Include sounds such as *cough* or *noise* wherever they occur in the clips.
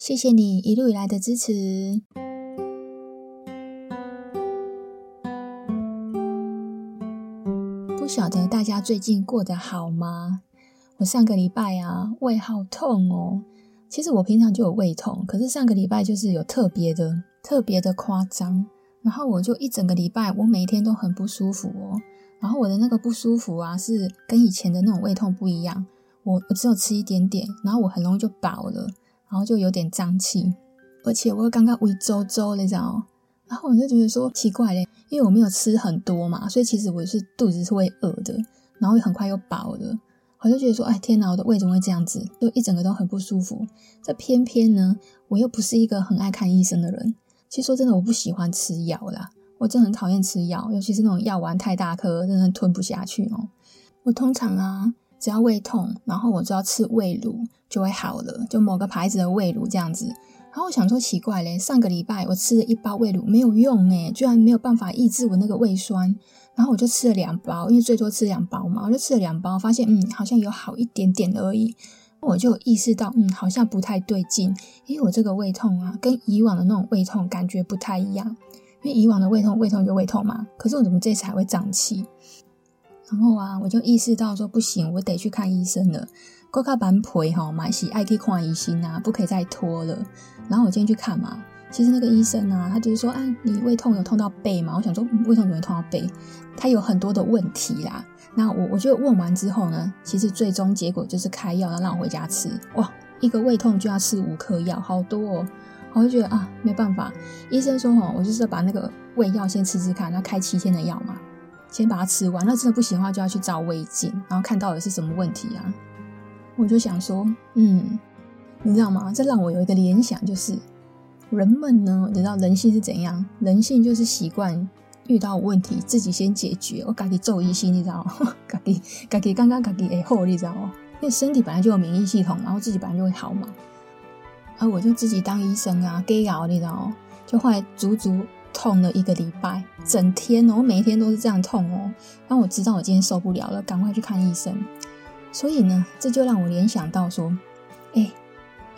謝謝你一路以來的支持。不曉得大家最近過得好嗎？我上個禮拜啊，胃好痛哦。其實我平常就有胃痛，可是上個禮拜就是有特別的、特別的誇張。然後我就一整個禮拜，我每天都很不舒服哦。然後我的那個不舒服啊，是跟以前的那種胃痛不一樣。我我只有吃一點點，然後我很容易就飽了。然後就有點脹氣，而且我剛剛胃周周你知道嗎？然後我就覺得說奇怪嘞，因為我沒有吃很多嘛，所以其實我是肚子是會餓的，然後很快又飽了，我就覺得說，哎，天吶，我的胃怎麼會這樣子？就一整個都很不舒服。這偏偏呢，我又不是一個很愛看醫生的人。其實說真的，我不喜歡吃藥啦，我真的很討厭吃藥，尤其是那種藥丸太大顆，真的吞不下去哦。我通常啊。只要胃痛，然後我只要吃胃乳就會好了，就某個牌子的胃乳這樣子。然後我想說奇怪嘞，上個禮拜我吃了一包胃乳沒有用哎，居然沒有辦法抑制我那個胃酸。然後我就吃了兩包，因為最多吃了兩包嘛，我就吃了兩包，發現嗯，好像有好一點點而已。我就意識到嗯，好像不太對勁，因為我這個胃痛啊跟以往的那種胃痛感覺不太一樣，因為以往的胃痛胃痛就胃痛嘛，可是我怎麼這次還會脹氣？然後啊，我就意識到說不行，我得去看醫生了。國考板培哈，蠻喜愛去看醫生啊，不可以再拖了。然後我今天去看嘛，其實那個醫生啊，他就是說啊，你胃痛有痛到背嘛？我想說，嗯、胃痛怎麼會痛到背？他有很多的問題啦。那我我就問完之後呢，其實最終結果就是開藥，然後讓我回家吃。哇，一個胃痛就要吃五顆藥，好多哦。我就覺得啊，沒辦法。醫生說哈、哦，我就是把那個胃藥先吃吃看，他開七天的藥嘛。先把它吃完，那真的不行的話，就要去照胃鏡，然後看到底是什麼問題啊？我就想說，嗯，你知道嗎？這讓我有一個聯想，就是人們呢，你知道人性是怎樣？人性就是習慣遇到問題自己先解決，我感起咒醫，你知道嗎？感起，感起，剛剛感起會後你知道嗎？因為身體本來就有免疫系統，然後自己本來就會好嘛。而我就自己當醫生啊，給熬，你知道嗎？就後來足足。痛了一個禮拜，整天哦，我每一天都是這樣痛哦。然後我知道我今天受不了了，趕快去看醫生。所以呢，這就讓我聯想到說，哎，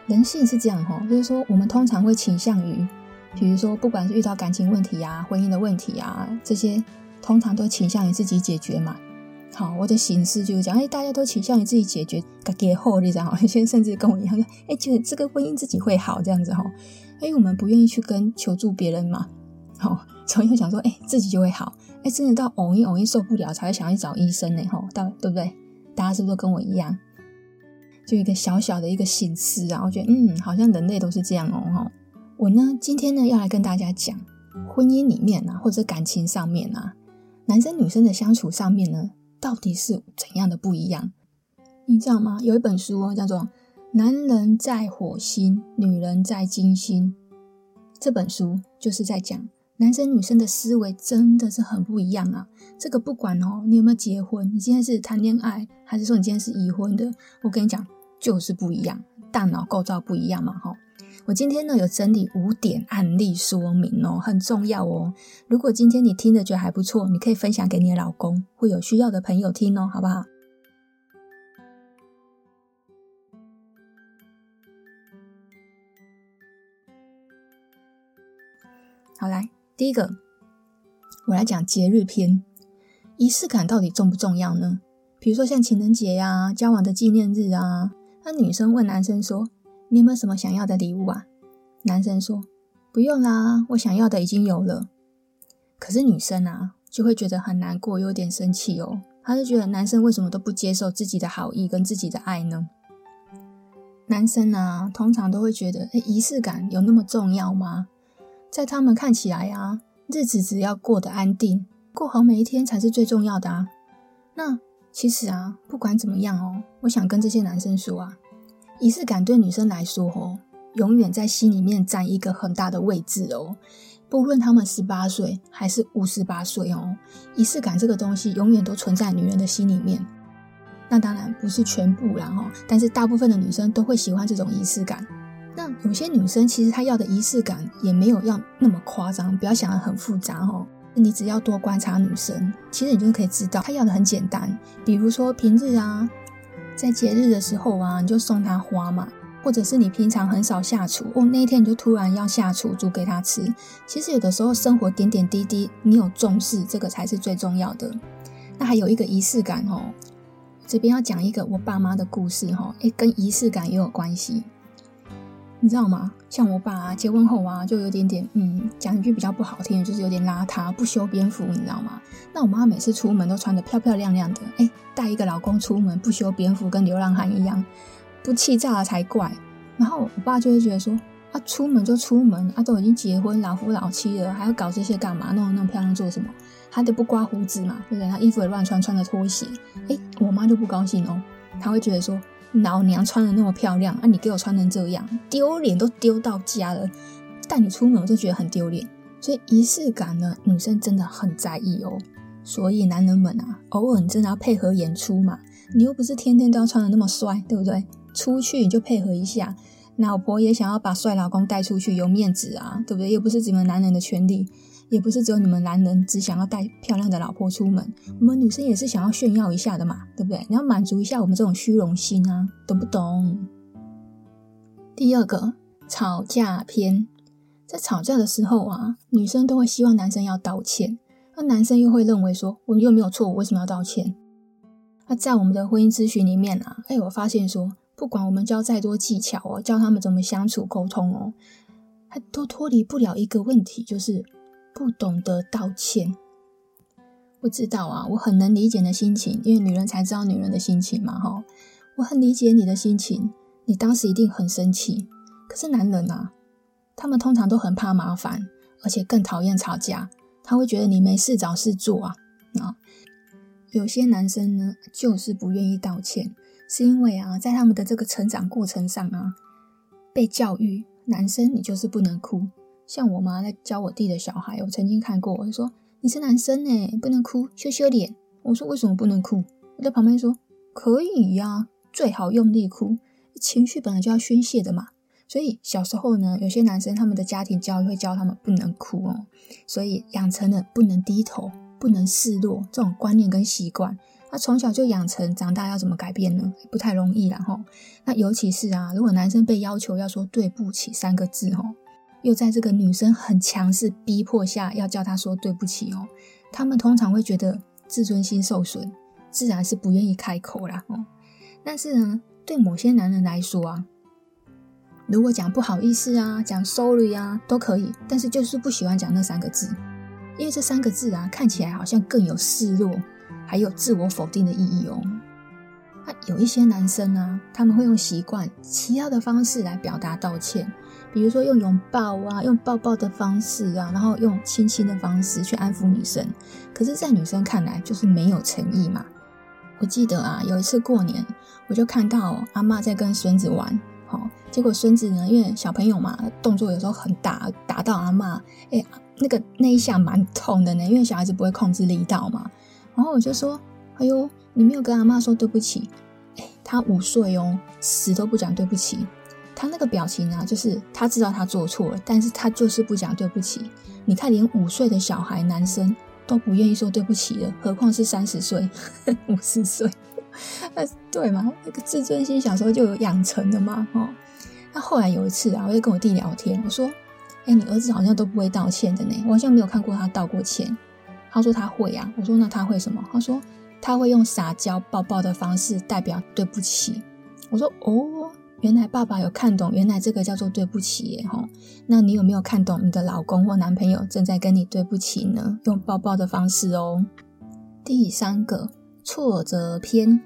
人性是這樣哈、哦，就是說我們通常會傾向於，比如說不管是遇到感情問題呀、啊、婚姻的問題啊，這些通常都傾向於自己解決嘛。好，我的形式就是講，哎，大家都傾向於自己解決，給後力在好，有些甚至跟我一樣，說，哎，就是這個婚姻自己會好這樣子哈、哦，誒我們不願意去跟求助別人嘛。哦，所以就想說，哎、欸，自己就會好，哎、欸，真的到偶爾偶爾受不了才會想要去找醫生呢。吼、哦，到對不對？大家是不是都跟我一樣？就一個小小的一個心思啊，我覺得，嗯，好像人類都是這樣哦。哦我呢，今天呢要來跟大家講婚姻裡面啊，或者感情上面啊，男生女生的相處上面呢，到底是怎樣的不一樣？你知道嗎？有一本書、哦、叫做《男人在火星，女人在金星》，這本書就是在講。男生女生的思維真的是很不一樣啊！這個不管哦，你有沒有結婚？你今天是談戀愛，還是說你今天是已婚的？我跟你講，就是不一樣，大腦構造不一樣嘛，哦！哈，我今天呢有整理五點案例說明哦，很重要哦。如果今天你聽的覺得還不錯，你可以分享給你的老公，或有需要的朋友聽哦，好不好？好來。第一個，我來講節日篇，儀式感到底重不重要呢？比如說像情人節呀、啊、交往的紀念日啊，那女生問男生說：“你有沒有什麼想要的禮物啊？”男生說：“不用啦，我想要的已經有了。”可是女生啊，就會覺得很難過，有點生氣哦。她就覺得男生為什麼都不接受自己的好意跟自己的愛呢？男生啊，通常都會覺得，哎、欸，儀式感有那麼重要嗎？在他們看起來啊，日子只要過得安定，過好每一天才是最重要的啊。那其實啊，不管怎麼樣哦，我想跟這些男生說啊，儀式感對女生來說哦，永遠在心裡面佔一個很大的位置哦。不論他們十八歲還是五十八歲哦，儀式感這個東西永遠都存在女人的心裡面。那當然不是全部啦哦，但是大部分的女生都會喜歡這種儀式感。那有些女生其實她要的儀式感也沒有要那麼誇張，不要想的很複雜哦。你只要多觀察女生，其實你就可以知道她要的很簡單。比如說平日啊，在節日的時候啊，你就送她花嘛；或者是你平常很少下廚，哦，那一天你就突然要下廚煮給她吃。其實有的時候生活點點滴滴，你有重視這個才是最重要的。那還有一個儀式感哦，這邊要講一個我爸媽的故事哈、哦，哎，跟儀式感也有關係。你知道嗎？像我爸、啊、結婚後啊，就有點點，嗯，講一句比較不好聽，就是有點邋遢、不修邊幅，你知道嗎？那我媽每次出門都穿得漂漂亮亮的，誒，帶一個老公出門不修邊幅，跟流浪漢一樣，不氣炸了才怪。然後我爸就會覺得說，啊，出門就出門，啊，都已經結婚老夫老妻了，還要搞這些幹嘛？弄得那麼漂亮做什麼？他都不刮鬍子嘛，而且他衣服也亂穿，穿着拖鞋，誒，我媽就不高興哦，她會覺得說。老娘穿的那麼漂亮，啊，你給我穿成這樣，丟臉都丟到家了。帶你出門，我就覺得很丟臉，所以儀式感呢，女生真的很在意哦。所以男人們啊，偶爾你真的要配合演出嘛，你又不是天天都要穿的那麼帥，對不對？出去你就配合一下，老婆也想要把帥老公帶出去有面子啊，對不對？又不是只有男人的權利。也不是只有你們男人只想要帶漂亮的老婆出門，我們女生也是想要炫耀一下的嘛，對不對？你要滿足一下我們這種虛榮心啊，懂不懂？第二個吵架篇，在吵架的時候啊，女生都會希望男生要道歉，那男生又會認為說，我又沒有錯，我為什麼要道歉？那在我們的婚姻諮詢裡面啊，哎，我發現說，不管我們教再多技巧哦，教他們怎麼相處、溝通哦，它都脫離不了一個問題，就是。不懂得道歉，我知道啊，我很能理解你的心情，因為女人才知道女人的心情嘛，哦，哈，我很理解你的心情，你當時一定很生氣。可是男人啊，他們通常都很怕麻煩，而且更討厭吵架，他會覺得你沒事找事做啊，啊，嗯。有些男生呢，就是不願意道歉，是因為啊，在他們的這個成長過程上啊，被教育，男生你就是不能哭。像我媽在教我弟的小孩，我曾經看過，我說你是男生呢，不能哭，羞羞臉。我說為什麼不能哭？我在旁邊說可以呀、啊，最好用力哭，情緒本來就要宣洩的嘛。所以小時候呢，有些男生他們的家庭教育會教他們不能哭哦，所以養成了不能低頭、不能示弱這種觀念跟習慣。他從小就養成長大要怎麼改變呢？不太容易啦吼。那尤其是啊，如果男生被要求要說對不起三個字吼。又在這個女生很強勢逼迫下，要叫她說對不起哦。他們通常會覺得自尊心受損，自然是不願意開口啦哦。但是呢，對某些男人來說啊，如果講不好意思啊，講 sorry 啊都可以，但是就是不喜歡講那三個字，因為這三個字啊，看起來好像更有示弱，還有自我否定的意義哦。啊，有一些男生啊，他們會用習慣其他的方式來表達道歉。比如說用擁抱啊，用抱抱的方式啊，然後用親親的方式去安撫女生，可是，在女生看來就是沒有誠意嘛。我記得啊，有一次過年，我就看到、哦、阿嬤在跟孫子玩，好、哦，結果孫子呢，因為小朋友嘛，動作有時候很大，打到阿嬤，哎，那個那一下蠻痛的呢，因為小孩子不會控制力道嘛。然後我就說，哎呦，你沒有跟阿嬤說對不起，誒他五歲哦，死都不講對不起。他那個表情啊，就是他知道他做錯了，但是他就是不講對不起。你看，連五歲的小孩男生都不願意說對不起了，何況是三十歲、五 *laughs* 十歲？那 *laughs* 對嗎？那個自尊心小時候就有養成的嘛？哦，那後來有一次啊，我就跟我弟聊天，我說：“哎、欸，你兒子好像都不會道歉的呢，我好像沒有看過他道過歉。”他說：“他會啊。”我說：“那他會什麼？”他說：“他會用撒嬌、抱抱的方式代表對不起。”我說：“哦。”原來爸爸有看懂，原來這個叫做對不起耶，吼、哦。那你有沒有看懂你的老公或男朋友正在跟你對不起呢？用抱抱的方式哦。第三個挫折篇，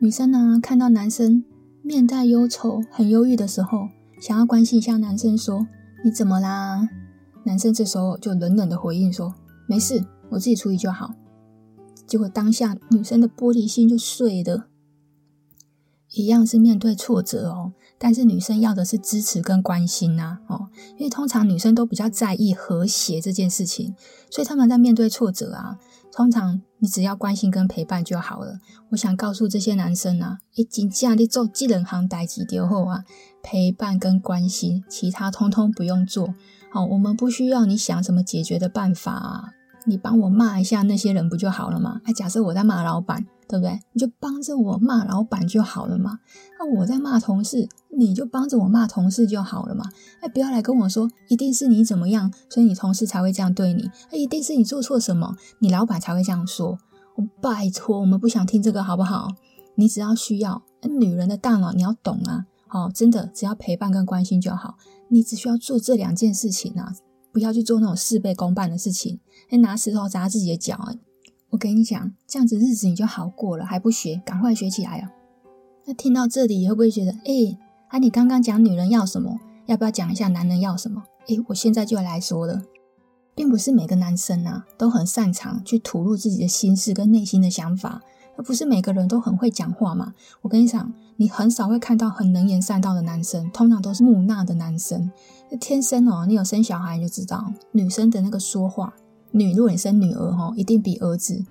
女生呢，看到男生面帶憂愁、很憂鬱的時候，想要關心一下男生，說：“你怎麼啦？”男生這時候就冷冷的回應說：“沒事，我自己處理就好。”結果當下女生的玻璃心就碎了。一樣是面對挫折哦，但是女生要的是支持跟關心吶、啊、哦，因為通常女生都比較在意和諧這件事情，所以他們在面對挫折啊，通常你只要關心跟陪伴就好了。我想告訴這些男生啊，哎、欸，盡量的做這兩件事就好啊，陪伴跟關心，其他通通不用做。好、哦，我們不需要你想什麼解決的辦法啊。你幫我罵一下那些人不就好了嘛？哎、啊，假設我在罵老板，對不對？你就幫着我罵老板就好了嘛。那、啊、我在罵同事，你就幫着我罵同事就好了嘛。哎、啊，不要來跟我說，一定是你怎麼樣，所以你同事才會這樣對你。哎、啊，一定是你做錯什麼，你老板才會這樣說。我拜托，我們不想聽這個好不好？你只要需要，女人的大腦你要懂啊。哦，真的，只要陪伴跟關心就好。你只需要做這兩件事情啊。不要去做那種事倍功半的事情，拿石頭砸自己的腳、欸、我跟你講，這樣子日子你就好過了，還不學，趕快學起來啊！那聽到這裡，會不會覺得，誒、欸、啊，你剛剛講女人要什麼，要不要講一下男人要什麼？誒、欸、我現在就來說了，並不是每個男生啊都很擅長去吐露自己的心事跟內心的想法，而不是每個人都很會講話嘛。我跟你講，你很少會看到很能言善道的男生，通常都是木訥的男生。天生哦，你有生小孩你就知道，女生的那個說話，女如果你生女兒哦，一定比兒子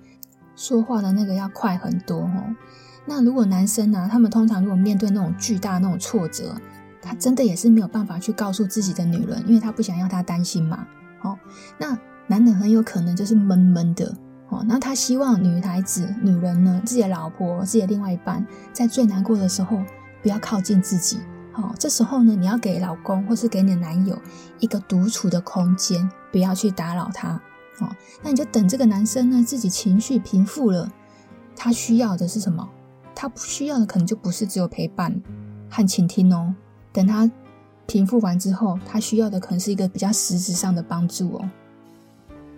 說話的那個要快很多哦。那如果男生呢、啊，他們通常如果面對那種巨大那種挫折，他真的也是沒有辦法去告訴自己的女人，因為他不想要她擔心嘛。哦，那男人很有可能就是悶悶的哦。那他希望女孩子、女人呢，自己的老婆、自己的另外一半，在最難過的時候不要靠近自己。好、哦，這時候呢，你要給老公或是給你的男友一個獨處的空間，不要去打擾他。哦，那你就等這個男生呢，自己情緒平復了。他需要的是什麼？他不需要的可能就不是只有陪伴和傾聽哦。等他平復完之後，他需要的可能是一個比較實質上的幫助哦。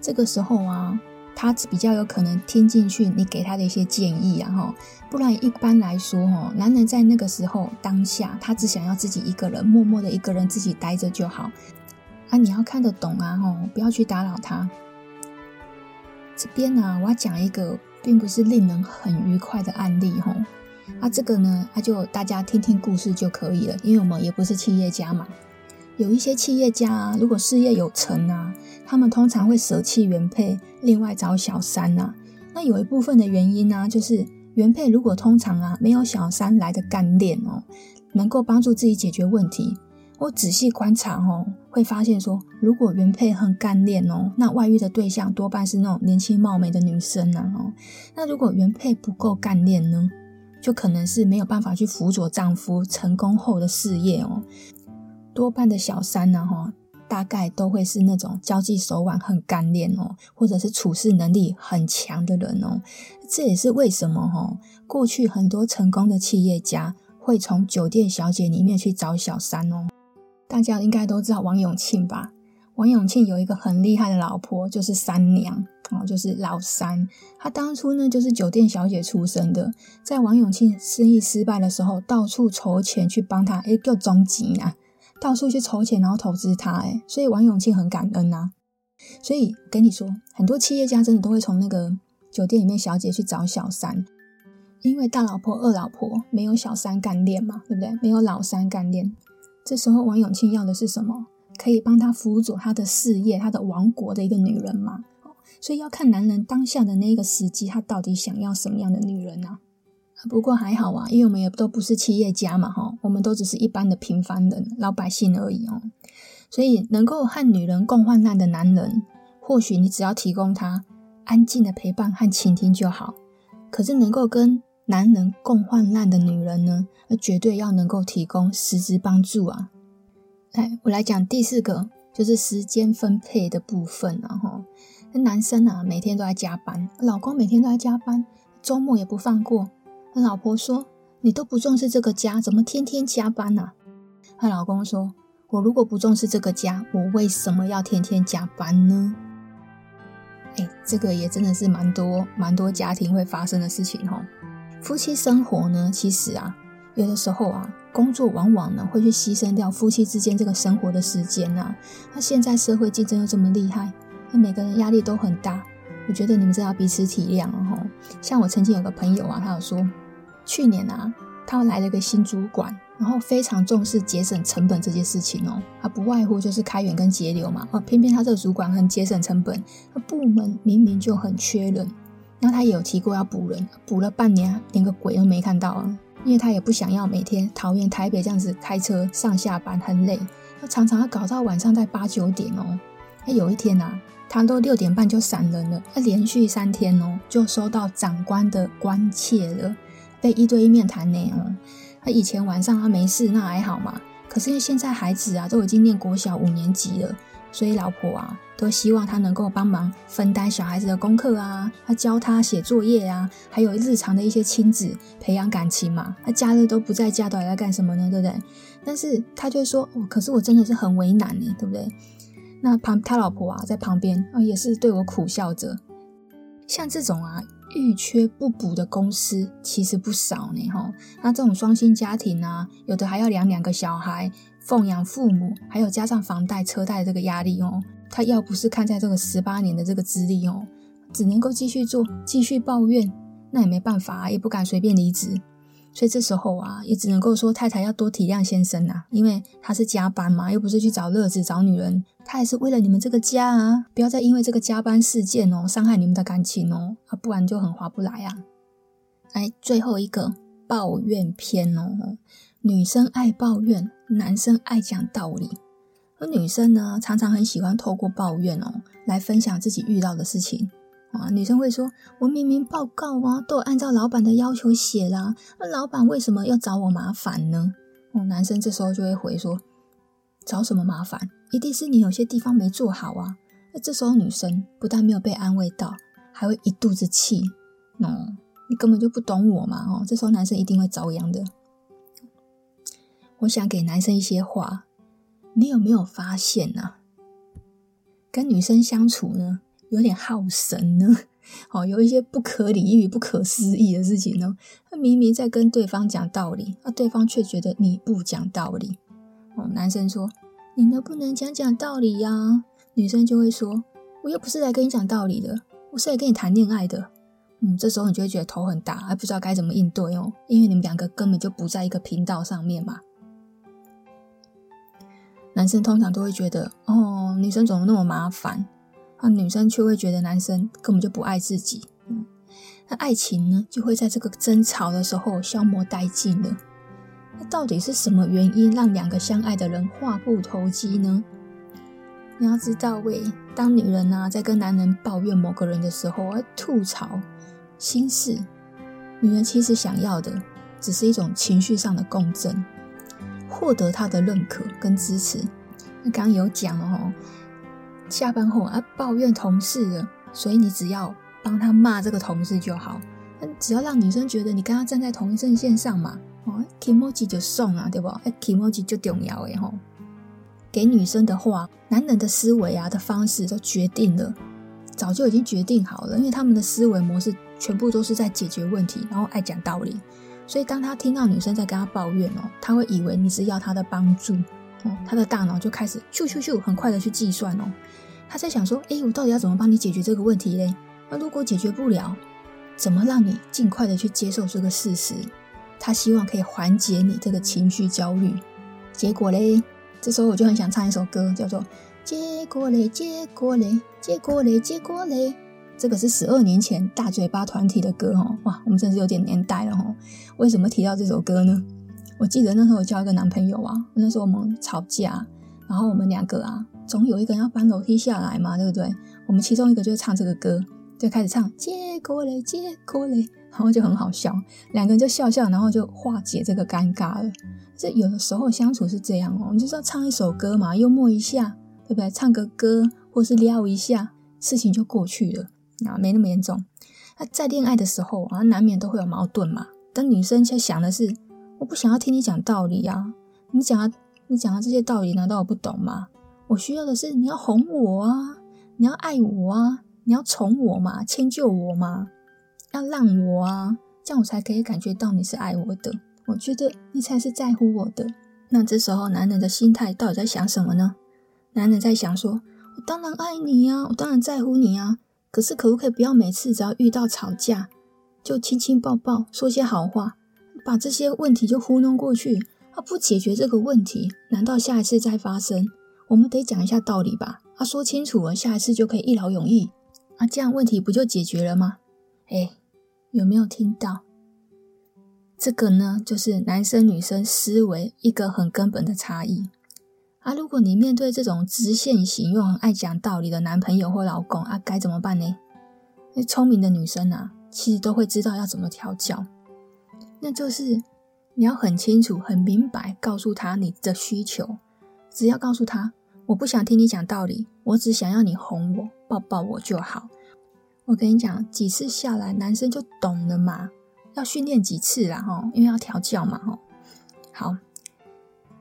這個時候啊。他比較有可能聽進去你給他的一些建議，啊吼。不然一般來說，吼，男人在那個時候當下，他只想要自己一個人，默默的一個人自己待着就好。啊，你要看得懂啊，吼，不要去打擾他。這邊呢、啊，我要講一個並不是令人很愉快的案例，吼。啊，這個呢，他、啊、就大家聽聽故事就可以了，因為我們也不是企業家嘛。有一些企業家、啊，如果事業有成啊。他們通常會捨棄原配，另外找小三吶、啊。那有一部分的原因呢、啊，就是原配如果通常啊沒有小三來的幹練哦，能夠幫助自己解決問題。我仔細觀察哦，會發現說，如果原配很幹練哦，那外遇的對象多半是那種年輕貌美的女生吶、啊、哦。那如果原配不夠幹練呢，就可能是沒有辦法去輔佐丈夫成功後的事業哦。多半的小三呢哈。大概都會是那種交際手腕很幹練哦，或者是處事能力很強的人哦。這也是為什麼哈、哦，過去很多成功的企業家會從酒店小姐裡面去找小三哦。大家應該都知道王永慶吧？王永慶有一個很厲害的老婆，就是三娘哦，就是老三。他當初呢，就是酒店小姐出身的，在王永慶生意失敗的時候，到處籌錢去幫他，誒叫中吉啊。到處去籌錢，然後投資他，哎，所以王永慶很感恩吶、啊。所以跟你說，很多企業家真的都會從那個酒店裡面小姐去找小三，因為大老婆、二老婆沒有小三幹練嘛，對不對？沒有老三幹練。這時候王永慶要的是什麼？可以幫他輔佐他的事業、他的王國的一個女人嘛。所以要看男人當下的那個時機，他到底想要什麼樣的女人啊。不過還好啊，因為我們也都不是企業家嘛，哈，我們都只是一般的平凡人、老百姓而已哦。所以，能夠和女人共患難的男人，或許你只要提供他安靜的陪伴和傾聽就好。可是，能夠跟男人共患難的女人呢，那絕對要能夠提供實質幫助啊。來，我來講第四個，就是時間分配的部分了、啊、哈。那男生啊，每天都在加班，老公每天都在加班，周末也不放過。他老婆說：“你都不重視這個家，怎麼天天加班呢、啊？”他老公說：“我如果不重視這個家，我為什麼要天天加班呢？”哎、欸，這個也真的是蠻多蠻多家庭會發生的事情吼。夫妻生活呢，其實啊，有的時候啊，工作往往呢會去犧牲掉夫妻之間這個生活的時間吶、啊。那現在社會競爭又這麼厲害，那每個人壓力都很大。我覺得你們只要彼此體諒哦。像我曾經有個朋友啊，他有說。去年啊，他來了個新主管，然後非常重視節省成本這件事情哦，啊，不外乎就是開源跟節流嘛，啊，偏偏他這個主管很節省成本，那、啊、部門明明就很缺人，然後他也有提過要補人，補了半年連個鬼都沒看到啊，因為他也不想要每天桃園台北這樣子開車上下班很累，他常常要搞到晚上在八九點哦，那有一天吶、啊，他都六點半就閃人了，他、啊、連續三天哦就收到長官的關切了。被一對一面談呢，哦、嗯，他以前晚上他沒事那還好嘛，可是因為現在孩子啊都已經念國小五年級了，所以老婆啊都希望他能夠幫忙分擔小孩子的功課啊，他教他寫作業啊，還有日常的一些親子培養感情嘛，他假日都不在家，到底在幹什麼呢？對不對？但是他就說，哦、可是我真的是很為難呢，對不對？那旁他老婆啊在旁邊啊、呃、也是對我苦笑着，像這種啊。遇缺不補的公司其實不少呢，哈。那這種雙薪家庭呢、啊，有的還要養兩,兩個小孩，奉養父母，還有加上房貸、車貸的這個壓力哦。他要不是看在這個十八年的這個資歷哦，只能夠繼續做，繼續抱怨，那也沒辦法，也不敢隨便離職。所以這時候啊，也只能夠說，太太要多體諒先生吶、啊，因為他是加班嘛，又不是去找樂子、找女人，他也是為了你們這個家啊，不要再因為這個加班事件哦，傷害你們的感情哦，啊，不然就很划不來啊。哎，最後一個抱怨篇哦，女生愛抱怨，男生愛講道理，而女生呢，常常很喜歡透過抱怨哦，來分享自己遇到的事情。啊，女生會說：“我明明報告啊，都按照老闆的要求寫啦，那老闆為什麼要找我麻煩呢？”哦、嗯，男生這時候就會回說：“找什麼麻煩？一定是你有些地方沒做好啊。”那這時候女生不但沒有被安慰到，還會一肚子氣。哦、嗯，你根本就不懂我嘛！哦，這時候男生一定會遭殃的。我想給男生一些話，你有沒有發現呢、啊？跟女生相處呢？有點耗神呢，哦，有一些不可理喻、不可思議的事情呢、哦。他明明在跟對方講道理、啊，那對方卻覺得你不講道理。哦，男生說：“你能不能講講道理呀、啊？”女生就會說：“我又不是來跟你講道理的，我是來跟你談戀愛的。”嗯，這時候你就會覺得頭很大，還不知道該怎麼應對哦，因為你們兩個根本就不在一個頻道上面嘛。男生通常都會覺得：“哦，女生怎麼那麼麻煩。”那、啊、女生卻會覺得男生根本就不愛自己，那、嗯啊、愛情呢就會在這個爭吵的時候消磨殆盡了。那、啊、到底是什麼原因讓兩個相愛的人話不投機呢？你要知道，為當女人啊在跟男人抱怨某個人的時候，而吐槽心事，女人其實想要的只是一種情緒上的共振，獲得他的認可跟支持。那、啊、剛，剛有講了、哦下班後啊，抱怨同事了，所以你只要幫他罵這個同事就好。那只要讓女生覺得你跟她站在同一陣線上嘛，哦，Kimochi 就送啊，對不？哎，Kimochi 就重要哎吼、哦。給女生的話，男人的思維啊的方式都決定了，早就已經決定好了，因為他們的思維模式全部都是在解決問題，然後愛講道理。所以當他聽到女生在跟他抱怨哦，他會以為你是要他的幫助。哦、他的大腦就開始咻咻咻，很快的去計算哦。他在想說，誒、欸、我到底要怎麼幫你解決這個問題嘞？那如果解決不了，怎麼讓你儘快的去接受這個事實？他希望可以緩解你這個情緒焦慮。結果嘞，這時候我就很想唱一首歌，叫做《結果嘞，結果嘞，結果嘞，結果嘞》。這個是十二年前大嘴巴團體的歌哦，哇，我們真是有點年代了哈。為什麼提到這首歌呢？我記得那時候我交一個男朋友啊，那時候我們吵架，然後我們兩個啊，總有一個人要搬樓梯下來嘛，對不對？我們其中一個就會唱這個歌，就開始唱結果嘞，結果嘞，然後就很好笑，兩個人就笑笑，然後就化解這個尷尬了。這有的時候相處是這樣哦，你就是要唱一首歌嘛，幽默一下，對不對？唱個歌或是撩一下，事情就過去了，啊，沒那麼嚴重。那在戀愛的時候啊，難免都會有矛盾嘛，但女生卻想的是，我不想要聽你講道理啊！你講啊，你講啊，這些道理難道我不懂嗎？我需要的是你要哄我啊，你要愛我啊，你要寵我嘛，遷就我嘛，要讓我啊，這樣我才可以感覺到你是愛我的，我覺得你才是在乎我的。那這時候男人的心態到底在想什麼呢？男人在想說：我當然愛你呀，啊，我當然在乎你啊。可是可不可以不要每次只要遇到吵架就親親抱抱，說些好話？把這些問題就糊弄過去，啊，不解決這個問題，難道下一次再發生？我們得講一下道理吧，啊，說清楚了，下一次就可以一勞永逸，啊，這樣問題不就解決了嗎？哎、欸，有沒有聽到？這個呢，就是男生女生思維一個很根本的差異。啊，如果你面對這種直線型又很愛講道理的男朋友或老公，啊，該怎麼辦呢？那聰明的女生啊，其實都會知道要怎麼調教。那就是，你要很清楚、很明白，告訴他你的需求。只要告訴他，我不想聽你講道理，我只想要你哄我、抱抱我就好。我跟你講，幾次下來，男生就懂了嘛。要訓練幾次啦，哈，因為要調教嘛，吼。好，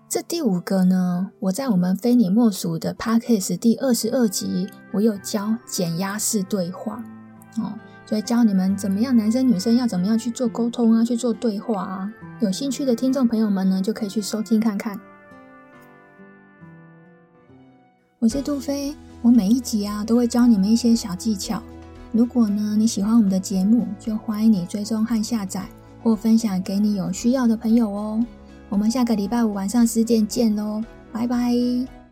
這第五個呢，我在我們《菲妳莫屬》的 Podcast 第二十二集，我有教減壓式對話，哦。就會教你們怎麼樣，男生女生要怎麼樣去做溝通啊，去做對話啊。有興趣的聽眾朋友們呢，就可以去收聽看看。我是杜菲，我每一集啊都會教你們一些小技巧。如果呢你喜歡我們的節目，就歡迎你追蹤和下載，或分享給你有需要的朋友哦。我們下個禮拜五晚上十點見嘍，拜拜。